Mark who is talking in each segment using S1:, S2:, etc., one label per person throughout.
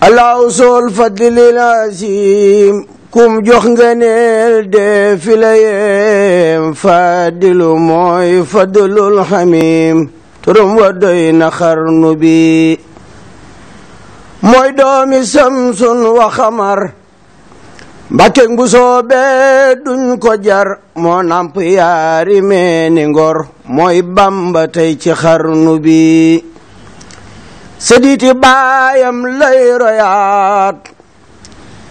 S1: allahu sool fadlil azim kum jox ngeneel dee fi la yeem fadilu fadlul xamim turum wa doy na xarnu bi mooy doomi samsun wa xamar mbàkkeeg bu soobee duñ ko jar moo namp yaari meeni ngor mooy bamba tey ci xarnu bi sëddiiti baayam lay royaat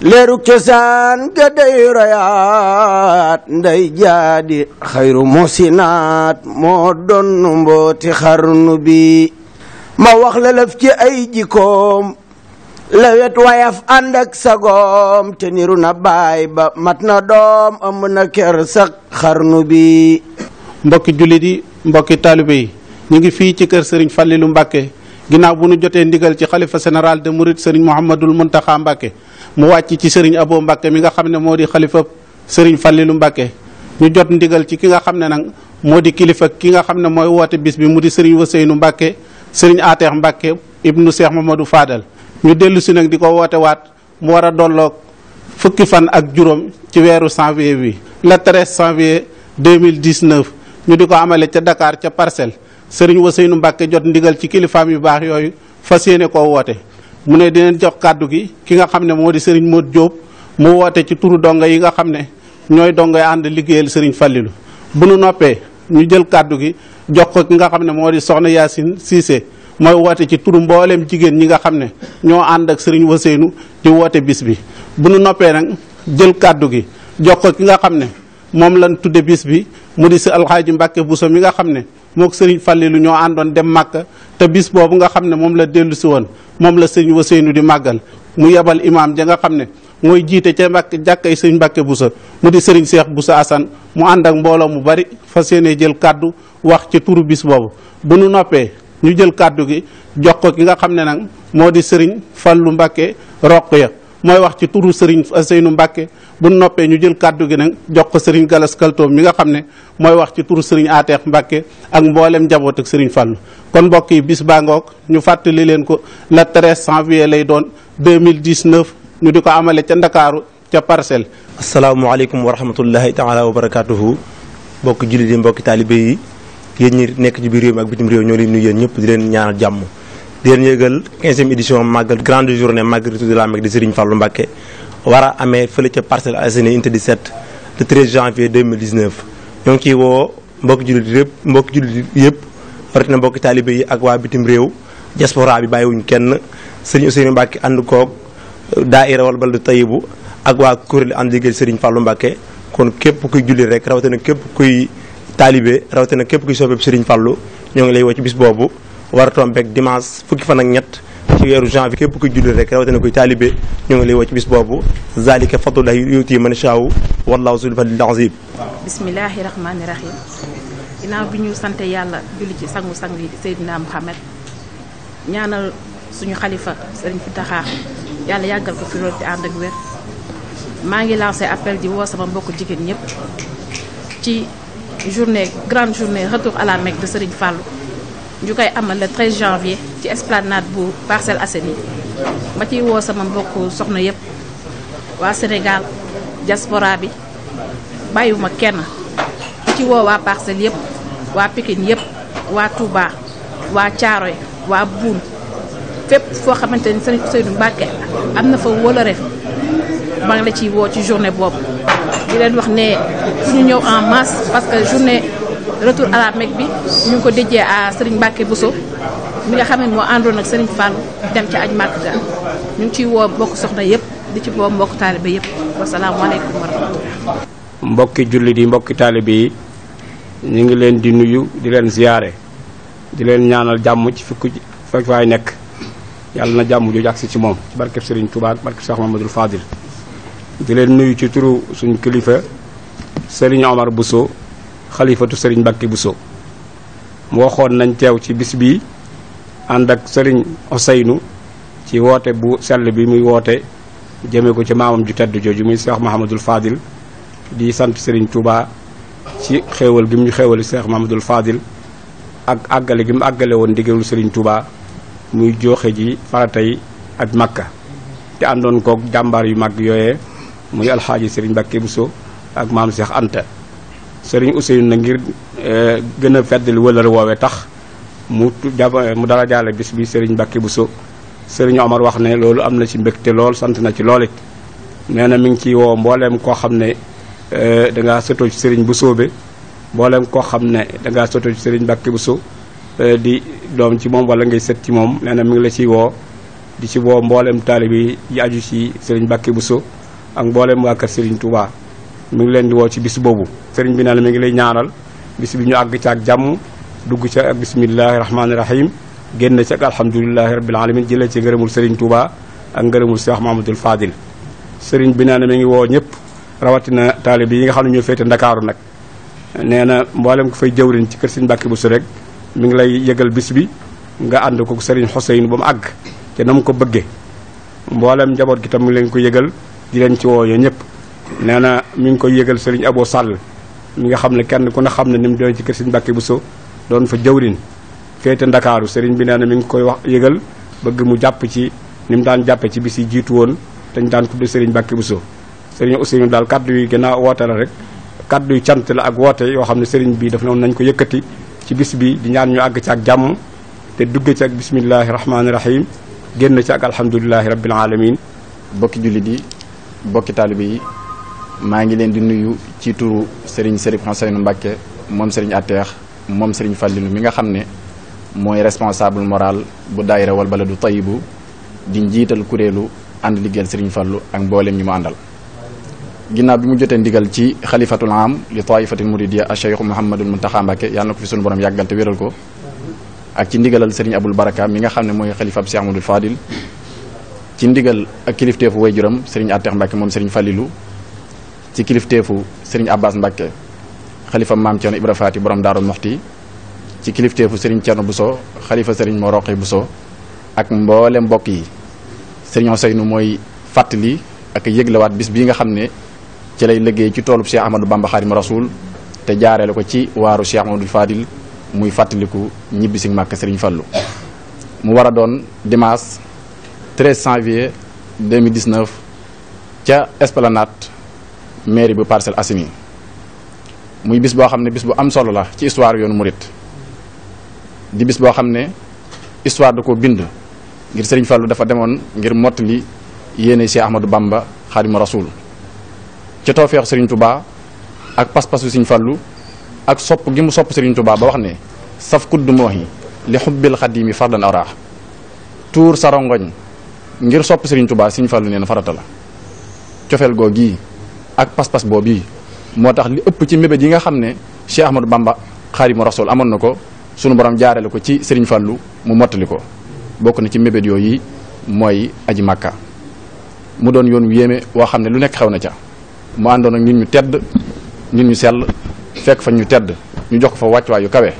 S1: leeru cosaan ga day royaat nday jaadi xayru musinaat moo doon mbooti xarnu bi ma wax la ci ay jikkoom lewet wayaf ànd ak sagoom te niru na baay ba mat na doom ëmb na ker sax xarnu bi mbokki jullit yi mbokki taalibe yi
S2: ñu ngi fii ci kër sëriñ Fallilou Mbacké ginnaaw bu nu jotee ndigal ci xalifa général de Mouride Serigne Mouhamadul Mountakha Mbacke mu wàcc ci Serigne Abo Mbacke mi nga xam ne moo di xalifa Serigne Fallilou Mbacke ñu jot ndigal ci ki nga xam ne nag moo di kilifa ki nga xam ne mooy woote bis bi mu di Serigne Waseynu Mbacke Serigne Ateex Mbacke ibnu Cheikh Mamadou faadal ñu dellu si nag di ko woote waat mu war a dolloog fukki fan ak juróom ci weeru janvier bi le 13 janvier 2019 ñu di ko amale ca Dakar ca parcelle sëriñ Ousseynou Mbacke jot ndigal ci kilifaam yu baax yooyu fas yéene koo woote mu ne dineen jox kàddu gi ki nga xam ne moo di sëriñ Modou Diop mu woote ci turu donga yi nga xam ne ñooy donga ànd liggéeyal sëriñ Fallilou bu nu noppee ñu jël kàddu gi jox ki nga xam ne moo di soxna Yacine Cissé mooy woote ci turu mbooleem jigéen ñi nga xam ne ñoo ànd ak sëriñ Ousseynou di woote bis bi bu nu noppee nag jël kàddu gi jox ko ki nga xam ne moom lan tudde bis bi mu di si alxaaji Mbacke Bousso mi nga xam ne mook sëriñ Fallilu ñoo àndoon dem màkk te bis boobu nga xam ne moom la dellu si woon moom la sëriñ Waseynu di màggal mu yebal imaam ja nga xam ne mooy jiite ca mbàkke jàkkay sëriñ Mbàkke Busa mu di sëriñ Seex Busa Asan mu ànd ak mbooloo mu bari fa yéene jël kàddu wax ci turu bis boobu bu nu noppee ñu jël kàddu gi jox ko ki nga xam ne nag moo di sëriñ Fallu Mbàkke ya mooy wax ci turu Serigne Seynou Mbacke bu noppee ñu jël kàddu gi nag jox ko Serigne Galas Kaltoom mi nga xam ne mooy wax ci turu Serigne Ateex Mbacke ak mboolem njaboot ak Serigne Fallou kon mbokk yi bis baa ngoog ñu fàttali leen ko la 13 janvier lay doon deux 2019 ñu di ko amale ca Ndakaaru ca parcelle. asalaamaaleykum wa rahmatullahi taala wa barakaatuhu mbokki jullit yi mbokki taalibe yi yéen ñi nekk ci biir réew mi ak bitim réew ñoo leen nuyu yéen ñëpp di leen ñaanal jàmm. di leen yëgal 15e édition màggal grande journée màggal retour de la Mecque di Serigne Fallou Mbacké war a amee fële ca Parcelles Assainies unité 17 le 13 janvier 2019 ñoo ngi ciy woo mbokki jullit yëpp mbokki jullit yëpp rawatina mbokki taalibe yi waa bitim réew diaspora bi bàyyiwuñ kenn Serigne Ousseynou Mbacké ànd koog euh, daaira wal baldu tayibu ak waa kuréel ànd liggéey Serigne Fallou Mbacké kon képp kuy jullit rek rawatina képp kuy taalibe rawatina képp kuy soppeeb Serigne Fallou ñoo ngi lay woo ci bis boobu waratoom a tombeeg dimanche fukki fan ak ñett ci weeru bi képp kuy julli rek rawatina koy taalibe ñoo ngi lay woo ci bis boobu zalika fadlullahi yu'tiihi man yashaa'u wallaahu zul
S1: fadlil aziim
S3: bismillaahi rahmaani rahiim ginnaaw bi ñu sante yàlla julli ci sangu sang yi Seydina Muhammad ñaanal suñu xalifa Sëriñ Fitaxa yàlla yàggal ko fi loolu te ànd ak wér maa ngi lancé appel di woo sama mbokk jigéen ñëpp ci journée grande journée retour à la ñu koy amal le 13 janvier ci esplanade bu Parcelles Assainies ma ciy woo sama mbokk soxna yëpp waa Sénégal diaspora bi bàyyiwuma kenn ma ci woo waa Parcelles yëpp waa Pikine yëpp waa Touba waa Thiaroye waa Boune fépp foo xamante ni Serigne Seydou Mbacke am na fa wolore maa ngi la ciy woo ci journée boobu di leen wax ne suñu ñëw en masse parce journée retour à la bi ñu ngi ko déjee à Serigne Mbacke Bousso mi nga xam ne moo àndoon ak Serigne Fall dem ca aj màkk ga ñu ngi ciy woo mbokk soxna yëpp di ci woo mbokk taalibe yi
S1: mbokki taalibe yi ñu ngi leen di nuyu di leen ziyaare di leen ñaanal jàmm ci fukk fekk waay nekk yàlla na jàmm jooju agsi ci moom ci barkeb Serigne Touba barkeb Cheikh Mamadou Fadil di leen nuyu ci turu suñ kilifa Serigne Omar Bousso xalifatu sëriñ Mbàkke Buso waxoon nañ teew ci bis bi ànd ak sëriñ oseynu ci woote bu sell bi muy woote jëme ko ci maamam ju teddu jooju muy Cheikh Mahamadul Fadil di sant sëriñ Touba ci xéewal gi mu ñu xéewali Cheikh Mahamadul Fadil ak àggale gi mu àggale woon ndigalul sëriñ Touba muy jooxe ji faratay ak Makka te àndoon kook jàmbaar yu mag yooyee muy alxaaji sëriñ Mbàkke Buso ak maam Cheikh Anta sëriñ Ousseynou na ngir eh, gën a feddali wëlër woowee tax mu mu dara jaale bis bi sëriñ Mbacke Bousso sëriñ Omar wax ne loolu am na ci mbégte lool sant na ci lool it nee na mi ngi ciy woo mbooleem koo xam ne eh, dangaa sotoo ci sëriñ Bousso bi mbooleem koo xam ne dangaa sotoo ci sëriñ Mbacke Bousso eh, di doom ci moom wala ngay sët ci moom nee na mi ngi la ciy woo di ci woo mbooleem taalibe yi aju ci sëriñ bu Bousso ak mbooleem waa kër sëriñ Touba. mu ngi leen di woo ci bis boobu sëriñ bi na mi ngi lay ñaanal bis bi ñu àgg ca ak jàmm dugg ca ak bisimillahi rahmaani rahim génn ca ak alhamdulilahi rabbil alamin jëlee ci ngërëmul sëriñ Touba ak ngërëmul Cheikh Mahamadul Fadil sëriñ bi na la mi ngi woo ñëpp rawatina taalib yi nga xam ne ñoo féete ndakaaru nag nee na mboolem ko fay jëwriñ ci kër sëriñ Mbàkke bu su rek mi ngi lay yëgal bis bi nga ànd ko sëriñ Xuseyn ba mu àgg te na mu ko bëggee mboolem njaboot gi tam mu ngi leen ko yëgal di ci woo ñëpp nee na mi ngi koy yëgal sëriñ aboo Sall mu nga xam ne kenn ku ne xam ne ni mu doon ci kër sëriñ bu so doon fa jawrin féete ndakaaru sëriñ bi nee na mi ngi koy wax yëgal bëgg mu jàpp ci ni mu daan jàppe ci bis yi jiitu woon dañ daan tudde sëriñ Mbàkke Buso sëriñ Ousseynou daal kàddu yi gën a woote la rek kàddu yu cant la ak woote yoo xam ne sëriñ bi daf noonu nañ ko yëkkati ci bis bi di ñaan ñu àgg ci ak jàmm te dugge ci ak bismillahi rahmaani rahim génn ci ak alhamdulilahi rabbil alamin bokki jullit yi bokki taalibe maa ngi leen di nuyu
S4: ci turu Serigne Serigne Xaseynu Mbàkke moom Serigne Atteex moom sëriñ Fàllilu mi nga xam ne mooy responsable moral bu daayira wal baladu tayibu di njiital kuréelu ànd liggéeyal sëriñ Fallou ak mboolem ñi mu àndal. ginnaaw bi mu jotee ndigal ci xalifatul am li taifatil muridiya Cheikh Mouhamadul Muntaxa Mbàkke yàlla na ko fi sunu borom yàggal te wéral ko ak ci ndigalal Serigne Abul Baraka mi nga xam ne mooy xalifa Cheikh Amadou Fadil ci ndigal ak kilifteefu waajuram Serigne Atteex Mbàkke moom Serigne Fàllilu ci kilifteefu sëriñ Abbas Mbacke xalifa maam Thierno Ibra Faati borom Daaru Moxti ci kilifteefu sëriñ Thierno Bousso xalifa sëriñ bu Bousso ak mboolem mbokk yi sëriñ seynu mooy fàttali ak yëglewaat bis bii nga xam ne ci lay liggéey ci toolub Cheikh Ahmadou Bamba Xaadimu Rasuul te jaareele ko ci waaru Cheikh Amadou Fadil muy fàttaliku ñibbi si màkk sëriñ Fallu mu war doon dimanche ca Esplanade mairie bu Parcelles Assainies muy bis boo xam ne bis bu am solo la ci histoire yoonu murit di bis boo xam ne histoire da ko bind ngir Serigne fallu dafa demoon ngir mott li yéene Cheikh Ahmadou Bamba Xaadimu Rasuul ci toofeex Serigne Touba ak pas-pasu Serigne Fallou ak sopp gi mu sopp Serigne Touba ba wax ne saf kudd moox yi li xubbil xadimi fardan araa tuur sarongoñ ngir sopp Serigne Touba Serigne Fallou neen farata la cofeel goo gii ak pas-pas boobu moo tax li ëpp ci mébét yi nga xam ne Cheikh Ahmadou Bamba Xaadimu Rasuul amoon na ko sunu boroom jaarale ko ci Serigne Fallou mu mottali ko bokk na ci mébét yooyu mooy aji màkka mu doon yoon wu yéeme woo xam ne lu nekk xew na ca mu àndoon ak ñun ñu tedd ñun ñu sell fekk fa ñu tedd ñu jox ko fa wàccuwaay yu kawe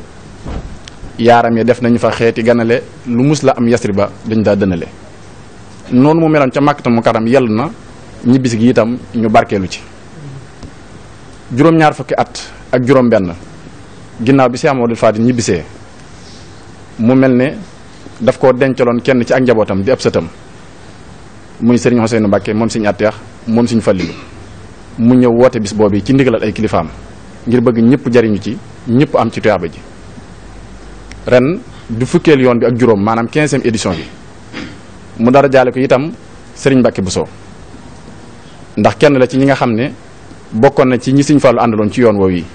S4: yaaram yi def nañu fa xeeti ganale lu mus la am yasri ba dañ daa dënale noonu mu meloon ca màkkatal mu karam yell na ñibbisi gi itam ñu barkeelu ci juróom-ñaar fukki at ak juróom-benn ginnaaw bi Cheikh Amadou Fadil ñibbisee mu mel ni daf koo dencaloon kenn ci ak njabootam di ab sëtam muy sëriñ Ousseynou Mbacke moom suñu atteex moom suñu fàllilu mu ñëw woote bis boobu ci ndigalal ay kilifaam ngir bëgg ñëpp jariñu ci ñëpp am ci tuyaaba ji ren du fukkeel yoon bi ak juróom maanaam quinzième édition bi mu dara jaale ko itam sëriñ bu Bousso ndax kenn la ci ñi nga xam ne bokkoon na ci ñi Sëriñ Fallu àndaloon ci yoon woowu yi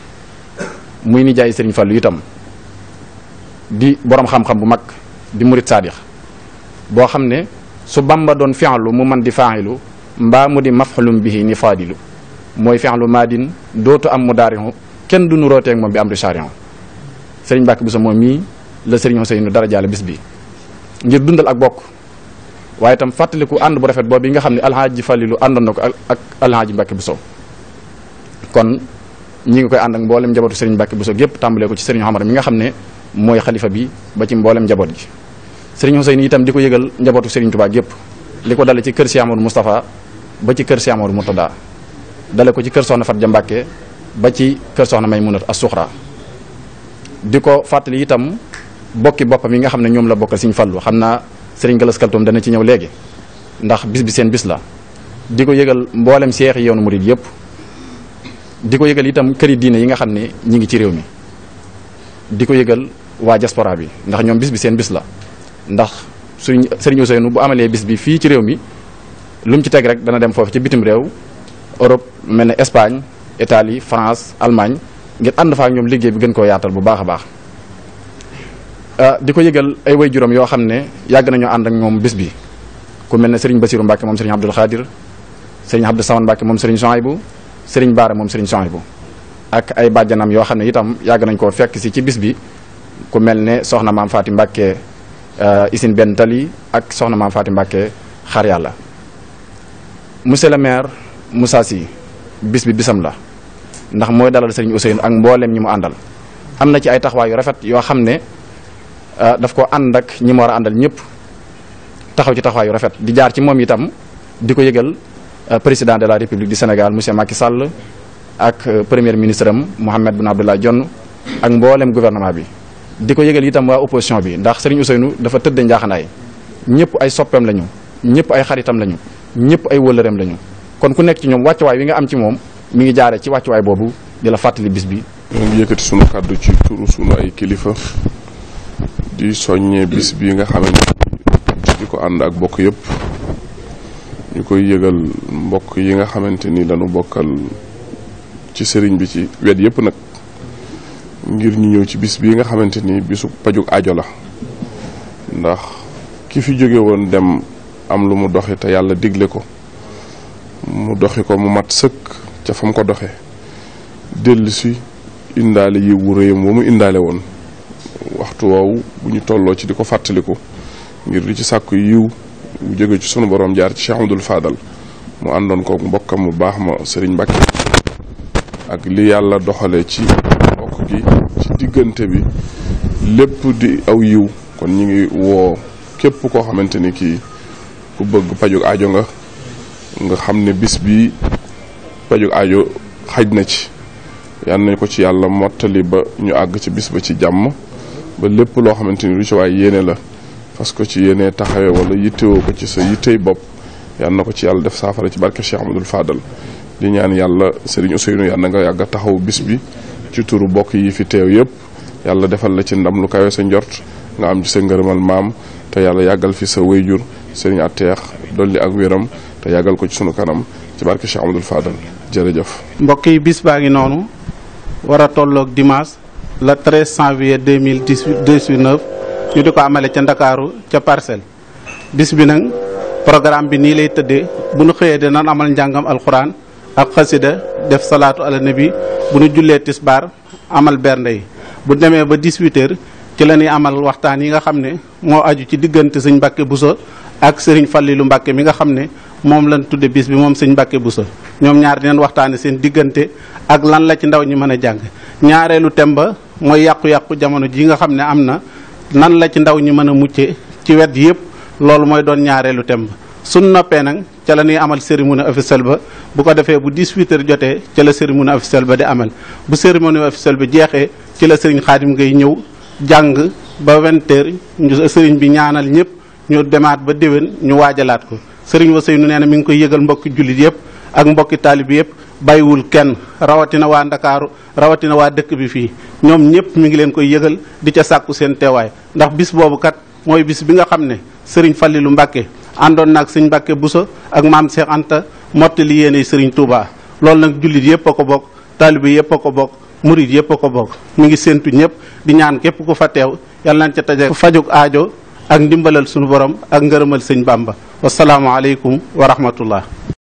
S4: muy nijaay Sëriñ Fallu itam di boroom xam-xam bu mag di murit saadix boo xam ne su Bàmba doon fi'lu mu man di faa'ilu mbaa mu di maf'ulun bihi ni faadilu mooy fi'lu maadin dootu am mudaari'u kenn du nu rooteeg moom bi am amri shari'u Sëriñ bi Buso moom mii la Sëriñ Useynu dara jaale bis bi ngir dundal ak bokk waaye itam fàttaliku ànd bu rafet boobu yi nga xam ne alxaaji Falilu àndoon na ko ak alxaaji Mbàkke Buso kon ñi ngi koy ànd ak mboolem njabootu Serigne Mbàkke Buso yëpp tàmbalee ko ci Serigne Omar mi nga ne mooy xalifa bi ba ci mboolem njaboot gi Serigne Hussein itam di ko yëgal njabootu Serigne Touba yëpp li ko dale ci kër si Amadou Moustapha ba ci kër si Amadou Murtada dale ko ci kër soxna Fatja Mbàkke ba ci kër soxna Maymunat As-Suxra di ko fàttali itam bokki boppam yi nga xam ne ñoom la bokkal Serigne Fallu xam naa sëriñ Gallas Kaltoom dana ci ñëw léegi ndax bis bi seen bis la di ko yëgal mboolem seex yoonu murid yëpp di ko yëgal itam këri diine yi nga xam ne ñi ngi ci réew mi di ko yëgal waa diaspora bi ndax ñoom bis bi seen bis la ndax suñ sëriñ Ousseynou bu amalee bis bi fii ci réew mi lu mu ci teg rek dana dem foofu ci bitim réew Europe mel ne Espagne Italie France Allemagne ngir ànd fa ak ñoom liggéey bi gën koo yaatal bu baax a baax Euh, di ko yëgal ay way juróom yoo xam ne yàgg nañoo ànd ak moom bis bi ku mel ne sëriñ Basiru Mbàkke moom sëriñ Abdul Xaadir sëriñ Abdou Saman Mbàkke moom sëriñ Sohaybu sëriñ Baara moom sëriñ Sohaybu ak ay bàjjanam yoo xam ne itam yàgg nañ koo fekk si ci bis bi ku mel ne soxna maam Faati Mbàkke euh, Isine benn tali ak soxna maam Faati Mbàkke xar yàlla monsieur le maire Moussa Sy bis bi bisam la ndax mooy dalal sëriñ Ousseynou ak mboolem ñi mu àndal am na ci ay taxawaay rafet yoo xam ne Euh, daf ko ànd ak ñi mu war a àndal ñëpp taxaw ci taxawaayu rafet di jaar ci moom itam di ko yëgal euh, président de la république du Sénégal monsieur Macky Sall ak euh, première ministre am Mohamed Boun Abdallah Dionne ak mbooleem gouvernement bi. di ko yëgal itam waa opposition bi ndax Serigne Ousseynou dafa tëdd njaaxanaay ñëpp ay soppeem lañu ñëpp ay xaritam lañu ñëpp ay wëllëreem lañu kon ku nekk ci ñoom wàccuwaay wi nga am ci moom mi ngi jaare ci wàccuwaay
S5: boobu di fàttali bis bi. ñu yëkkati kàddu ci turu sunu kilifa. di soññee bis bi nga xamante di ko ànd ak bokk yëpp ñu koy yëgal mbokk yi nga xamante ni dañu bokkal ci sëriñ bi ci wet yëpp nag ngir ñu ñëw ci bis bi nga xamante ni bisu pajug ajo la ndax ki fi jóge woon dem am lu mu doxi te yàlla digle ko mu doxi ko mu mat sëkk ca fam ko doxe dellusi indaale yiwu réyam wa mu indaale woon waxtu woowu bu ñu tolloo ci di ko fàttaliku ngir di ci sàkku yiw bu jóge ci sunu borom jaar ci Cheikh Amadou Fadal mu àndoon ko mbokkam mu baax ma sëriñ Mbacke ak li yàlla doxale ci mbokk gi ci diggante bi lépp di aw yiw kon ñu ngi woo képp koo xamante ni kii ku bëgg pajug ajo nga nga xam ne bis bi pajug ajo xaj na ci yal nañ ko ci yàlla mottali ba ñu àgg ci bis ba ci jàmm ba lépp loo xamante ni lu ci yéene la parce que ci yéene taxawee wala yittewoo ko ci sa yittey bopp yan na ko ci yàlla def saafara ci barke Cheikh Amadou Fadal di ñaan yàlla Serigne Ousseynou yàlla na nga yàgg a taxaw bis bi ci turu bokk yi fi teew yëpp yàlla defal la ci ndam lu kawe sa njort nga am ci sa ngërëmal maam te yàlla yàggal fi sa wéyjur Serigne Ateex dolli ak wéram te yàggal ko ci sunu kanam ci barke Cheikh Amadou Fadal jërëjëf. mbokk yi bis baa ngi
S2: noonu le 13 janvier 2019 ñu di ko amale ca ndakaaru ca parcelle bis bi nag programme bi nii lay tëddee bu nu xëyee dinañ amal njàngam alxuraan ak xasida def salaatu ala nabi bu nu jullee tisbaar amal bernde yi bu demee ba 18 heures ci la ñuy amal waxtaan yi nga xam ne moo aju ci diggante suñ sëñ Mbàkke Buso ak sëriñ Fallilu Mbàkke mi nga xam ne moom lan tudde bis bi moom suñ sëñ bu Buso ñoom ñaar dinañ waxtaane seen diggante ak lan la ci ndaw ñi mën a jàng ñaareelu temba mooy yàqu-yàqu jamono ji nga xam ne am na nan la ci ndaw ñi mën a mucce ci wet yëpp loolu mooy doon ñaareelu temba suñ noppee nag ca la ñuy amal cérémonie officielle ba bu ko defee bu 18h jotee ca la cérémonie officielle ba di amal bu cérémonie officielle ba jeexee ci la sëriñ xaadim ngay ñëw jàng ba 20h bi ñaanal ñëpp ñu demaat ba déwén ñu waajalaat ko sëriñ Ousseynou nee na mi ngi koy yëgal mbokki jullit yëpp ak mbokki taalib yëpp bàyyiwul kenn rawatina waa ndakaaru rawatina waa dëkk bi fii ñoom ñëpp mu ngi leen koy yëgal di ca sàkku seen teewaay ndax bis boobu kat mooy bis bi nga xam ne sëriñ lu Mbàkke àndoon naag sëñ Mbàkke Buso ak maam Cheikh Anta mottali yéene sëriñ Touba loolu nag jullit yëpp a ko bokk taalibe yëpp a ko bokk murit yëpp a ko bokk mu ngi séentu ñëpp di ñaan képp ku fa teew yal nañ ca taje fajuk aajo ak ndimbalal suñu borom ak ngërëmal sëñ Bàmba wasalaamualeykum wa rahmatullah